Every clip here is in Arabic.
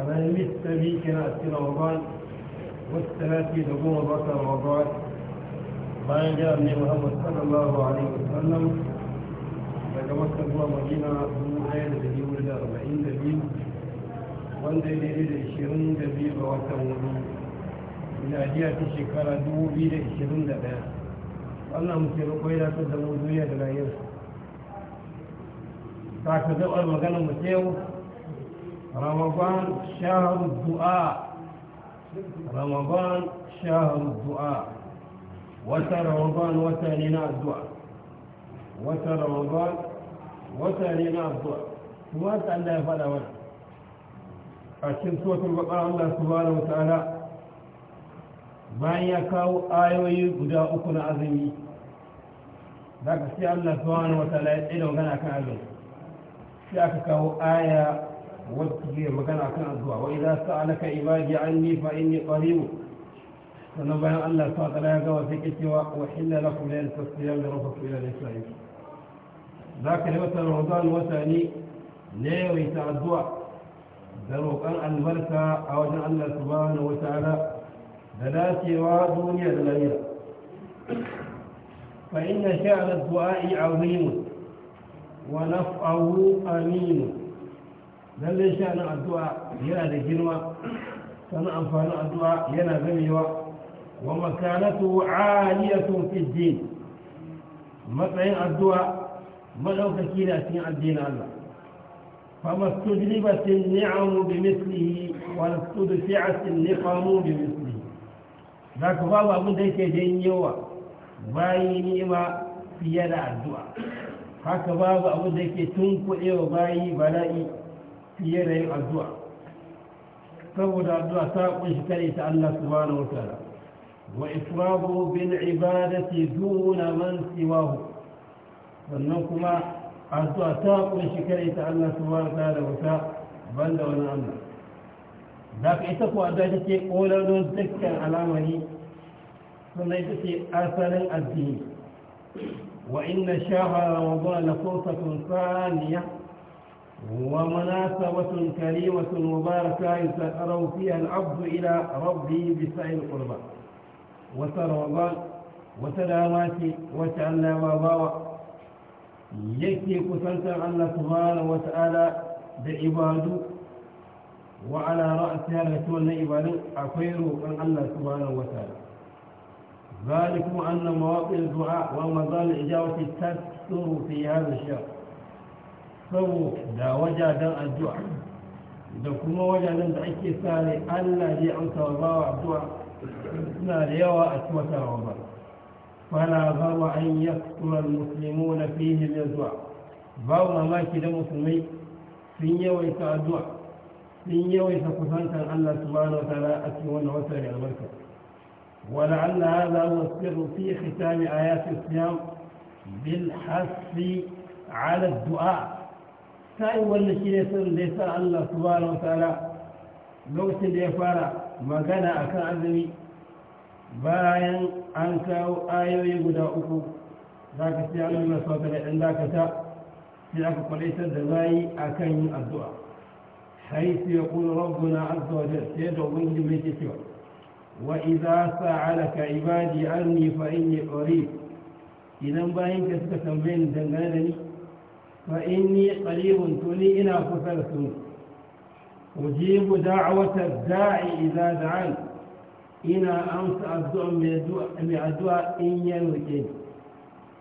فمن مت بي كنا أسكن رمضان والثلاثي دقوم بطر رمضان bayan jihar ne muhammad sallallahu alaihi wasallam daga makka zuwa madina dubu daya da dari hudu da arba'in da biyu wanda ya daidai da ishirin da biyu ga watan wuri miladiya ta shekara dubu biyu da ishirin da daya allah muke roƙo ya ta da mu duniya da rayuwa ta ka zaɓar maganar mu ta رمضان شهر الدعاء رمضان شهر الدعاء وتر رمضان وتانينا الدعاء وتر رمضان وتانينا الدعاء سوات الله يفعل ولا أشم سوة البقرة الله سبحانه وتعالى ما يكاو kawo ayoyi أكون عظيمي na azumi الله سبحانه وتعالى Allah subhanahu wa ta'ala ya tsaye da وذكري مكان أكن الدعاء وإذا سألك عبادي عني فإني قريب فنبه أن الله صلى الله في وسلم وحل لكم لأن تصيام لرفق إلى الإسلام ذاك الوقت الرمضان وثاني نيوي تعدوا ذروق أن البركة او أن الله سبحانه وتعالى ذلك ودنيا دلائل فإن شعر الدعاء عظيم ونفعه أمين lallai sha'anin addu'a yana da girma sannan amfanin addu'a yana gamewa wa makanatu aliyatun fi din matsayin addu'a madaukaki na cikin addinin Allah fama istujlibatin ni'amu bi mislihi wa istudfi'atin niqamu bi mislihi zaka babu abin da yake janyowa bayi ni'ima fiye da addu'a haka babu abin da yake tunkuɗewa bayi bala'i fiye da yin addu'a saboda addu'a ta kunshi kare ta Allah subhanahu wa ta'ala wa ifrahu bil ibadati duna man siwahu sannan kuma addu'a ta kunshi kare ta Allah subhanahu wa ta'ala wata banda wani Allah da ka ita ko addu'a take kolalon dukkan alamari sannan ita ce asalin addini وإن شهر رمضان فرصة ثانية ومناسبة كريمة مباركة يتقرب فيها العبد إلى ربه بسعي القربة وترغبان وسلامات وتعالى وباوة يكي قسلت الله سبحانه وتعالى بعباد وعلى رأسها رسول نئبال أخير من الله سبحانه وتعالى ذلك أن مواقع الدعاء ومظال إجابة تكثر في هذا الشهر saboda wajajen addu'a da kuma wajajen da ake sa ne allah zai amsa wa bawa addu'a suna da yawa a cikin wata ramadan fala bawa an yaktura muslimu na fihi min zuwa babu mamaki da musulmai sun yawaita addu'a sun yawaita kusantar allah subhanahu wa ta'ala a cikin wannan wata ne albarka ولعل هذا هو السر في ختام آيات الصيام بالحث على الدعاء sa'in wannan shi ne sun da ya sa Allah subhanahu wataala lokacin da ya fara magana akan azumi bayan an kawo ayoyi guda uku za ka sai an nuna sauka da ɗan dakata sai aka kwalitar da zai akan kan yin addu'a haisu ya kuna rabbuna azza wa jal sai da ubangiji mai ke cewa wa idza sa'alaka ibadi anni fa inni qarib idan bayin ka suka tambaye ni dangane da ni فإني قريب تني إنا فسرت أجيب دعوة الداعي إذا دعان إنا أمس أدعو من الدعاء إن ينوكي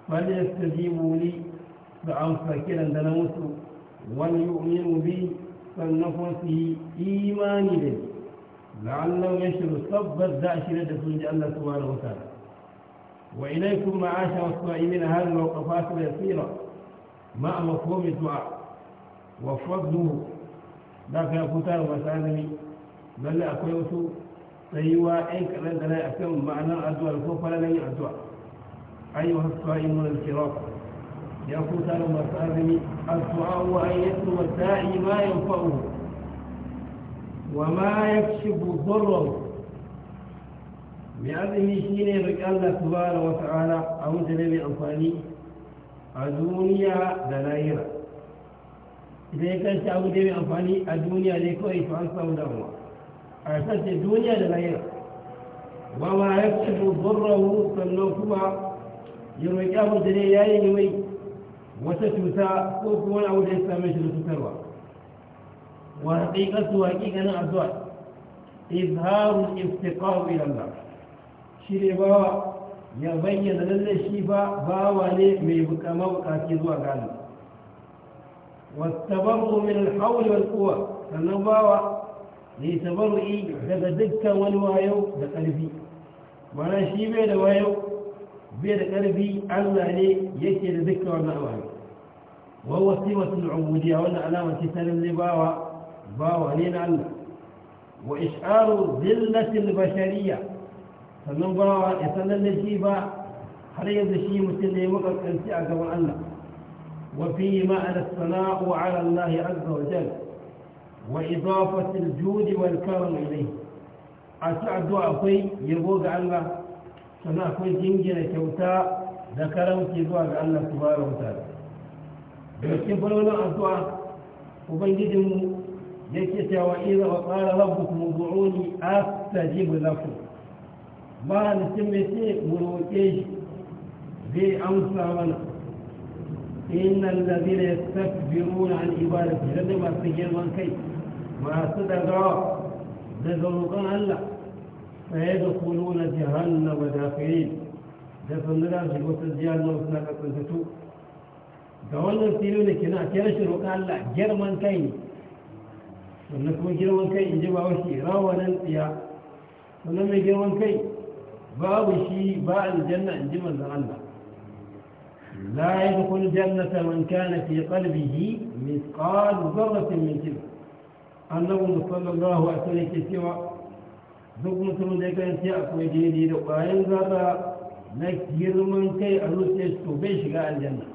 فليستجيبوا لي فأمس كلا دنموت وليؤمنوا بي فلنفسه إيمان به لعلهم يشر صب الداعش لدى سنج سبحانه وتعالى وإليكم معاشر الصائمين هذه الموقفات اليسيرة مع مفهوم الدعاء وفضله لا في أفتار مسالني بل لا أقوله سيوا إنك لدى لا أفهم معنى الدعاء الفوفة لا نجع أيها الصائمون الكرام يا فتار مسالني الدعاء هو أن يتلو الداعي ما ينفعه وما يكشف ضره بأذن شيني بك الله تبارك وتعالى أو جنبي أنفاني a duniya da lahira idan ya kanta abu da mai amfani a duniya ne kawai su an samu damuwa a sace duniya da lahira ba ma ya kasu zurrahu sannan kuma ya roƙi abu da ne ya yi mai wata cuta ko kuma abu da ya same shi da cutarwa wa haƙiƙa su haƙiƙanin addu'a izharul iftiqar ila Allah shi ne bawa ya bayyana lallai shi ba bawa ne mai mabukaci zuwa gani tabarru min alhawl wal quwwa sannan bawa ne tabarru'i daga dukkan wani wayo da ƙarfi mana shi bai da wayo bai da ƙarfi Allah ne yake da dukkan wannan wayo wa wasimatul ubudiyya wannan alama ce ta lallai bawa bawa ne na Allah wa isharu zillatil bashariya. sannan bawa ya sanar da shi ba har yanzu shi mutum ne makarkanci a gaban Allah معنى الثناء على الله عز وجل وإضافة الجود والكرم إليه أسعد أخي يبوغ الله سنة أخي جنجل كوتا ذكرم تبوغ عنه سبحانه وتعالى يكفرون الدعاء وبنجدهم يكتا وإذا وقال ربكم ادعوني أستجيب لكم ba mutum mai ce mu roƙe shi zai amsa mana innan da zai ya tasbiru na an ibada ce lalle masu girman kai masu dagawa daga roƙon Allah sai da kulu na jahannama da fiye da sannu da shi wata jihannama suna kasantattu ga wannan filo da kina ke rashin roƙon Allah girman kai ne sannan kuma girman kai in ji ba wasu rawanin tsiya sannan mai girman kai babu shi ba aljanna in ji manzon Allah la yadkhul jannata man kana fi qalbihi mithqal dharratin min kibr annabi sallallahu alaihi wasallam ke cewa duk mutumin da ya kasance akwai daidai da ƙwayan zaba na girman kai a zuciyarsa to bai shiga aljanna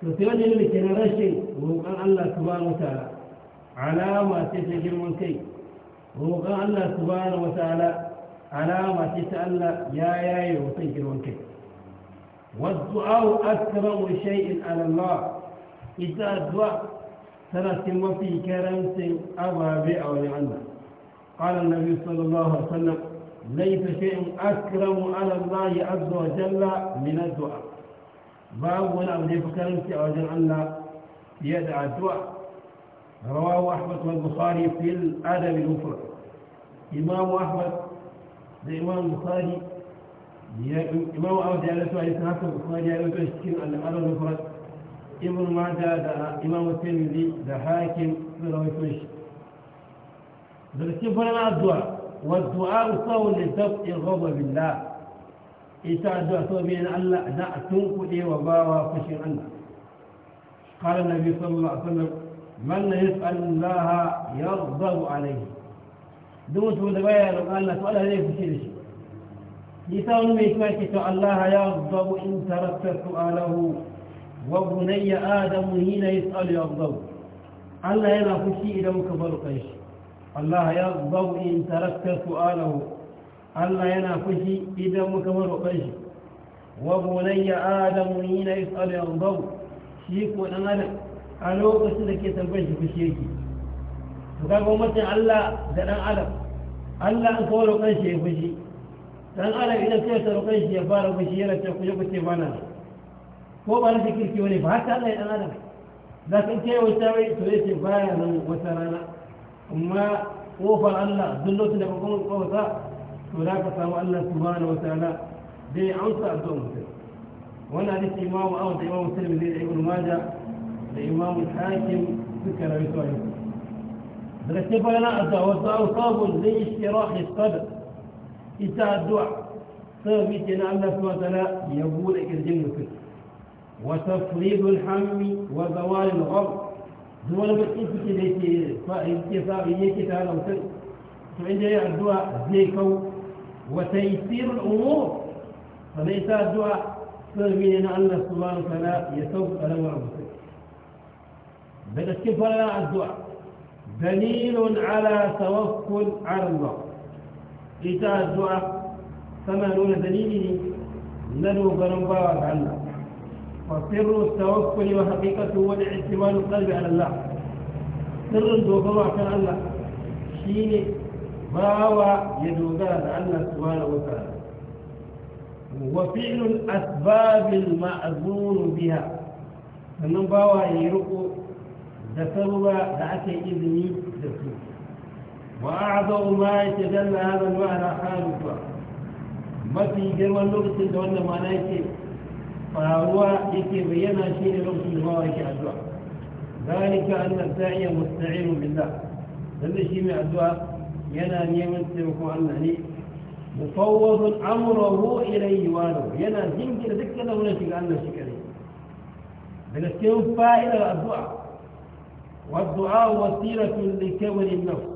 to sai wani ne ke na rashin roƙon Allah subhanahu wa ta'ala alama ce ta girman kai roƙon Allah subhanahu wa ta'ala علامة تسأل يا يا ya yaye والدعاء أكرم شيء على الله إذا الدعاء ثلاث وفي كرمس أبا بيع ولعنة قال النبي صلى الله عليه وسلم ليس شيء أكرم على الله عز وجل من الدعاء باب ولا أبدي أبا وجل الله يدعى الدعاء رواه أحمد والبخاري في الأدب المفرد إمام أحمد da imam bukhari imam awad ya rasu a isa haka bukhari ya rasu cikin al'adar nufarar ibn mada da imam tirmidhi da hakim sun rawaito shi da cikin farin addu'a wa du'a sawu li dafi ghadab billah ita addu'a so bi na Allah da a tunkuɗe wa bawa fushin Allah قال النبي صلى الله عليه وسلم من يسأل الله يغضب عليه دوت مدبير وقال لك ولا ليه بشيء شيء لسان ميكاك الله يا يغضب إن تركت سؤاله وبني آدم هنا يسأل يا يغضب الله هنا في شيء إذا مكبر قيش الله يا يغضب إن تركت سؤاله الله هنا في شيء إذا مكبر قيش وبني آدم هنا يسأل يا يغضب شيك ونمر ألوك سلك في شيء to kaga umarcin Allah da dan adam Allah an kawo roƙon shi ya fushi dan adam idan sai ta roƙon shi ya fara fushi yana ta kuje kuce mana ko ba rashin kirki wani ba haka Allah ya dan adam za ka ce ta wai to yace baya nan wata rana amma kofar Allah duk lokacin da kuma kofa to za ka samu Allah subhanahu wataala zai amsa addu'a mutum wannan hadisi imamu Ahmad da imamu Tirmidhi da Ibn Majah da imamu Hakim suka rawaito a yau بالنسبة لنا زي اشتراح الصدر إساء الدعاء ثابتنا الله سبحانه وتعالى يقول إكرجين وكل وتفريض الحم وزوال الغم زوال بالإفك ليس إليك تعالى فإن فعندنا الدعاء زيكو وتيسير الأمور فليس الدعاء أن الله سبحانه وتعالى يسوق ألم ربك بالنسبة لنا الدعاء دليل على توكل على الله إيتاء الدعاء دون دليله ندعو على الله وسر التوكل وحقيقته هو الاعتماد القلب على الله سر الدوغوة على الله شيني باوى على الله سبحانه وتعالى وفعل الأسباب المأذون بها باوى يرقو ذكرها بعث إذني ذكر وأعظم ما يتجلى هذا على حالك ما في جمع اللغة الدولة ما نايته فهو يكيب يناشي لغة الغارك أدوى ذلك أن الداعي مستعين بالله ذلك شيء من أدوى ينا نيمن سيركو أنني مفوض أمره إليه واله ينا زنجر ذكر له نشك أن نشك عليه بل استيوفا إلى والدعاء وسيلة لكبر النفس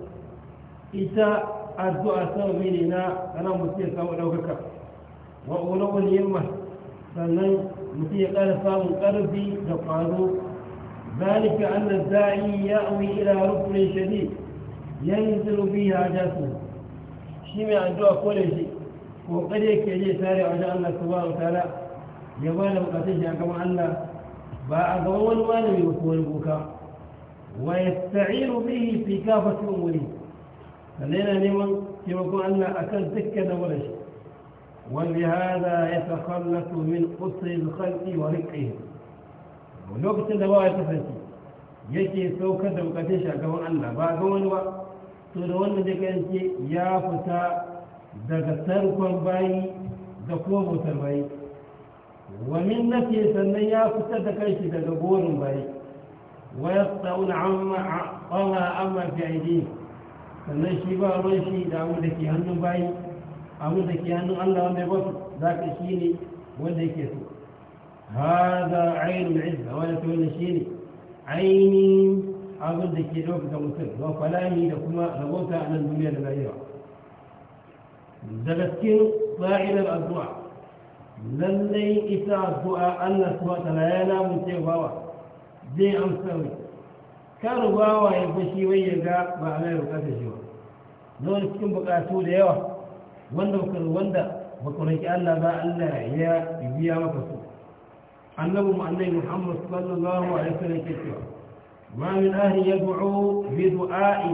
إذا الدعاء ساميننا أنا مسيح سامنوكك وأولو اليمة سنن مسيح قال سام قلبي دقالو ذلك أن الداعي يأوي إلى ركن شديد ينزل فيها جاسم شيمي الدعاء كل شيء وقد يكي ساري عجاء الله سبحانه وتعالى يبالا مقاتيش كما أن بعد أول ما نبي وصول بكاء ويستعين به في كافة أموره فلينا لمن يقول أن أكل ذكة ولا شيء ولهذا يتخلص من قصر الخلق ورقه ونقص دواء تفرسي يجي سوكة وقتشة كون أن باقون و تدون ذلك أنت يا فتاة دغتركم باي دقوم تربي ومن نفسي سنة يا فتاة دكايش دقبور باي دكتر ويقطعون عما وما أمر في أيديهم فنشي بها ونشي داود كي هنو باي أمو دكي هنو الله ومي بس ذاك شيني ودكي سو هذا عين العزة ولتو نشيني عيني أبو دكي لوك دمسل وفلاني لكما لغوتا أنا الدنيا لبعيرا زلسكين طاعنا الأدواء للي إتاة دعاء أن سواء لا ينام سيوا واحد zai amsa mai karu bawa ya fashi wai ya ga ba a mai bukatar shi ba na wani cikin bukatu da yawa wanda baka wanda baka roƙi Allah ba Allah ya biya maka su annabi mu annabi Muhammad sallallahu alaihi wasallam ke cewa ma min ahli yad'u bi du'a'i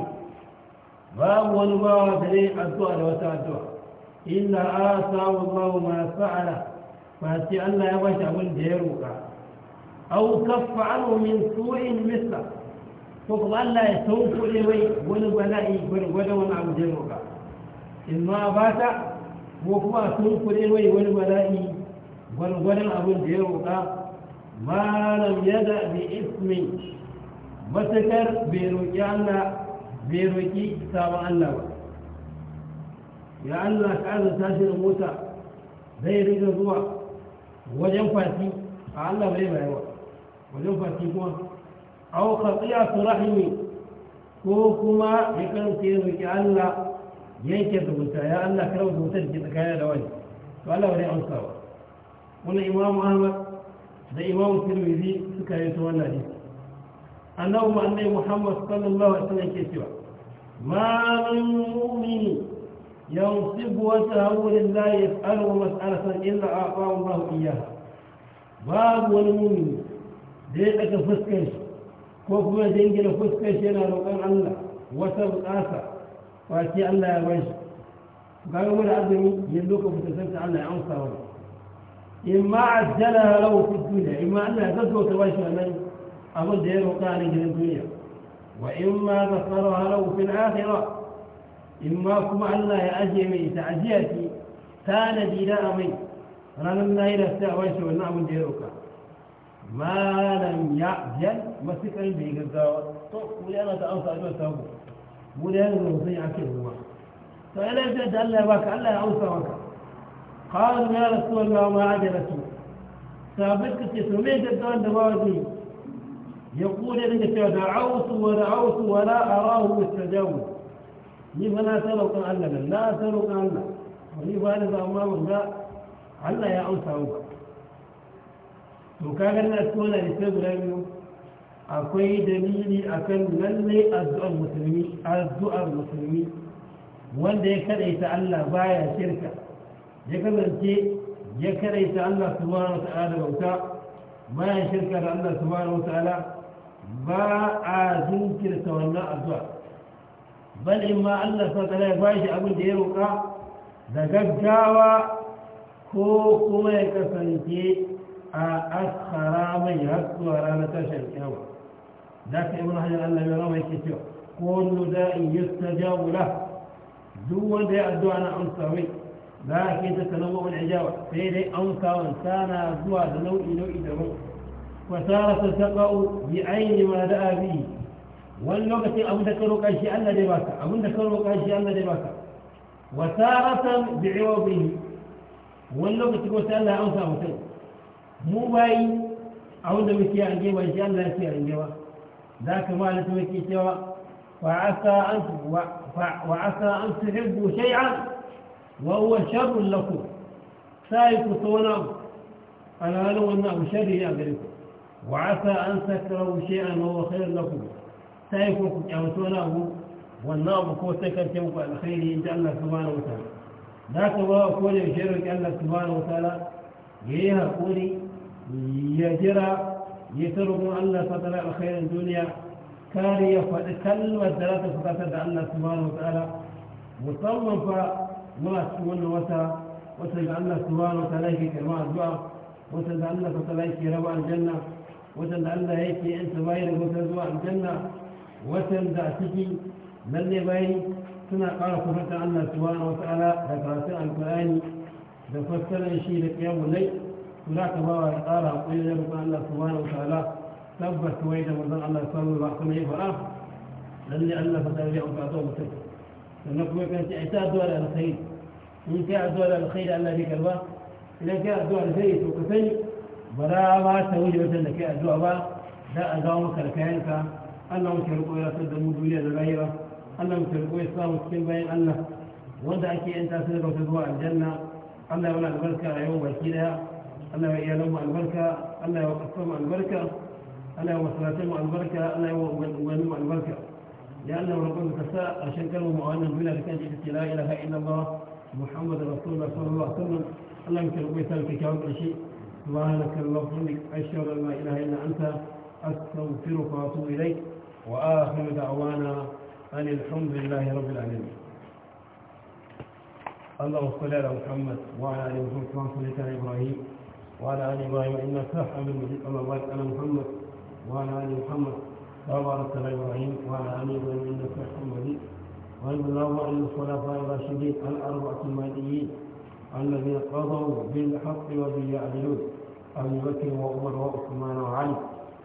babu wani bawa da zai addu'a da wata addu'a illa asa wallahu ma sa'ala fa sai Allah ya bashi abin da ya roƙa au kaffa anhu min su'in misla ko kuma Allah ya sauƙuɗe mai wani bala'i gwargwadon wani abu da in ma ba ta ko kuma a sauƙuɗe mai wani bala'i gwargwadon abin da ya roƙa malam yada bi ismin matakar bai roƙi Allah bai roƙi sabon Allah ba ya Allah ka azurta da mota zai riga zuwa wajen fati a Allah bai bayarwa wajen fati kuma aw su rahimi ko kuma ya karanta ya roki Allah yanke zumunta ya Allah karau zumunta da ke tsakaya da wani to Allah wani amsawa wani imamu Ahmad da imamu Tirmidhi suka yi ta wannan hadisi annabi mu annabi Muhammad sallallahu alaihi wasallam ke cewa ma min mu'mini ينصب وجهه لله يسأله مسألة إلا أعطاه الله إياها wani والمؤمن zai ɗaga fuskar shi ko kuma jingina fuskar shi yana roƙon Allah wata buƙasa kwace Allah ya bai shi kaga wani azumi yanzu ka fita santa Allah ya amsa wani in ma ajjala lahu fi dunya in ma Allah ya gaggauta bai shi wannan abin da ya roƙa a gidan duniya wa in ma basaraha lahu fil akhirah in ma kuma Allah ya ajiye mai ita ajiya ce tanadi da amai ranar lahira sai a bai shi wannan abin da ya roƙa malam ya biyan matuƙar da ya gaggawa to mu yana ta amsa addu'a ta ku mu da yanzu mutum ya ake ruwa to yana yi da Allah ya baka Allah ya amsa maka qalu ya rasulullah ma ajalatu sabit kace to me gaggawa da bawa ne ya kula daga cewa da'awtu wa da'awtu wa la arahu mustajabun ni ba na saraukan Allah nan na saraukan Allah wani ba da zama ban ga Allah ya amsa mu ba to kagar na cikin wani hadisai guda biyu akwai dalili akan lallai addu'ar musulmi addu'ar musulmi wanda ya kadaita Allah baya shirka ya kasance ya kadaita Allah subhanahu wata'ala bauta baya shirka da Allah subhanahu wata'ala ba a jinkirta wannan azu'a bal in ma Allah subhanahu wata'ala ya bashi abin da ya roƙa da gaggawa ko kuma ya kasance أسخرامي أسخرامة شركه ذاك ابن حجر الله يروي كتير كل داء يستجاب له دون داء الدعاء أنصوي ذاك يتنوع العجاوة فإذا أنصى وانسانا دعاء نوء نوء دموء بعين ما دعا به واللغة أبن ذكرك أشياء الله دباسة أبن ذكرك بعوضه واللغة تقول أنصى mu bayi a wanda muke an gaiba shi Allah ya ce an gaiba za ka da muke cewa وعسى أن وعسى أن تحبوا شيئا وهو شر لكم سايك صونا أنا لو أنه شر أدركم وعسى أن تكرهوا شيئا وهو خير لكم سايكم أوتونه والنار كو سكرتم على خير إن شاء الله سبحانه وتعالى ذاك الله كل شر الله سبحانه وتعالى يهكوني ya jira ya ta roƙon Allah fatara alkhairin duniya kare ya faɗi kalmar da za ta fukatar da Allah subhanahu wa ta'ala musamman fa muna cikin wannan wata wata da Allah subhanahu wa ta'ala yake karɓa addu'a wata da Allah ta'ala yake raba aljanna wata da Allah yake yanta bayi da wata zuwa aljanna wata da a ciki lalle bayi suna ƙara kusantar Allah subhanahu wa ta'ala da karatun alƙur'ani da fassarar shi da ƙiyamun lai هناك الله تعالى وقيل ذلك أن الله سبحانه وتعالى ثبت كويتا وزن الله سبحانه وتعالى وقال إيه فرأه لن يعلم فتابعه فأتوه بسك لأنك ما كانت إعتاء دول على الخير إن كان دول على الخير ألا بك الوقت إذا كان دول على الخير توقفني بلا ما تقول مثلا كان دول لا أدامك لكائنك أنهم كانوا إلى سد المدولية الغيرة أنهم كانوا إسلام وسكين بين الله ودعك أنت سنبقى في الجنة الله يولى البركة يوم وكيلها الله يا لهم عن البركة الله يا وقفهم عن البركة الله يا وصلاتهم عن البركة الله يا وغنهم عن البركة لأنه ربنا تساء عشان كانوا معانا بلا ركان جيدة لا إله إلا الله محمد رسول الله صلى الله عليه وسلم الله يمكن أبي ثالك كون رشيء الله لك الله فرنك أشهر ما إله إلا أنت أستغفر فأطوب إليك وآخر دعوانا أن الحمد لله رب العالمين اللهم صل على محمد وعلى آله وصحبه وسلم على إبراهيم وعلى ال ابراهيم انك حميد مجيد اللهم بارك على محمد وعلى ال محمد وبارك على ابراهيم وعلى ال ابراهيم انك حميد مجيد وارض اللهم عن الخلفاء الراشدين الاربعه المهديين الذين قضوا بالحق وبه يعدلون ابي بكر وعمر وعثمان وعلي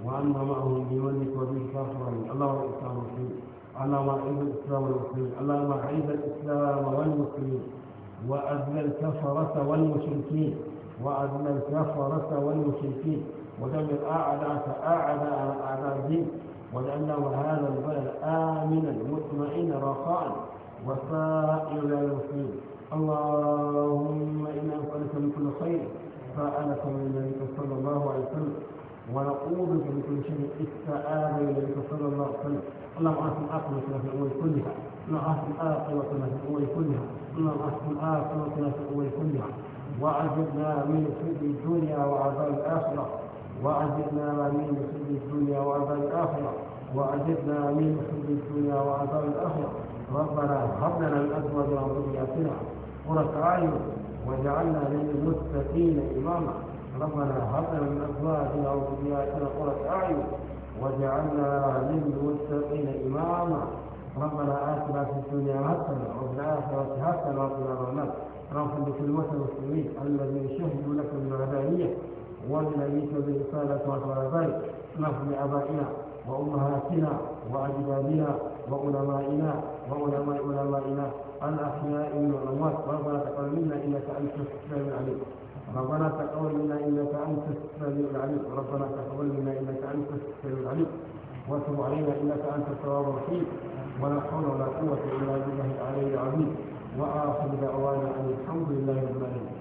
وعنا معهم بمنك وبالفرح اللهم الاسلام والمسلمين اللهم اعز الاسلام والمسلمين اللهم اعز الاسلام والمسلمين واذل الكفره والمشركين وأذل الكفرة والمشركين ودمر أعداءك أعداء أعداء الدين ولأنه هذا البلد آمنا مطمئنا رخاء وسائر المسلمين اللهم إنا نسألك من كل خير سألك من النبي صلى الله عليه وسلم ونعوذ بك من كل شيء استعاذ النبي صلى الله عليه وسلم اللهم أحسن عاقبتنا في الأمور كلها اللهم أحسن عاقبتنا في الأمور كلها اللهم أحسن عاقبتنا في الأمور كلها وعجبنا من خزي الدنيا وعذاب الآخرة وعجبنا من خزي الدنيا وعذاب الآخرة وعجبنا من خزي الدنيا وعذاب الآخرة ربنا هب لنا من أزواجنا وذرياتنا قرة أعين وجعلنا للمتقين إماما ربنا هب لنا من أزواجنا وذرياتنا قرة أعين وجعلنا للمتقين الآخرة في الدنيا هكذا وفي الآخرة هكذا وقنا النار رحم بكلمة المسلمين الذين شهدوا لك بالوحدانية وبنبيك برسالة وعلى ذلك نحن بآبائنا وأمهاتنا وأجدادنا وعلمائنا وعلماء علمائنا الأحياء من الأموات ربنا تقبل منا إنك أنت السميع العليم ربنا تقبل منا إنك أنت السميع العليم ربنا تقبل منا إنك أنت السميع العليم وتب علينا إنك أنت التواب الرحيم ولا حول ولا قوة إلا بالله العلي العظيم وآخر دعوانا أن الحمد لله رب العالمين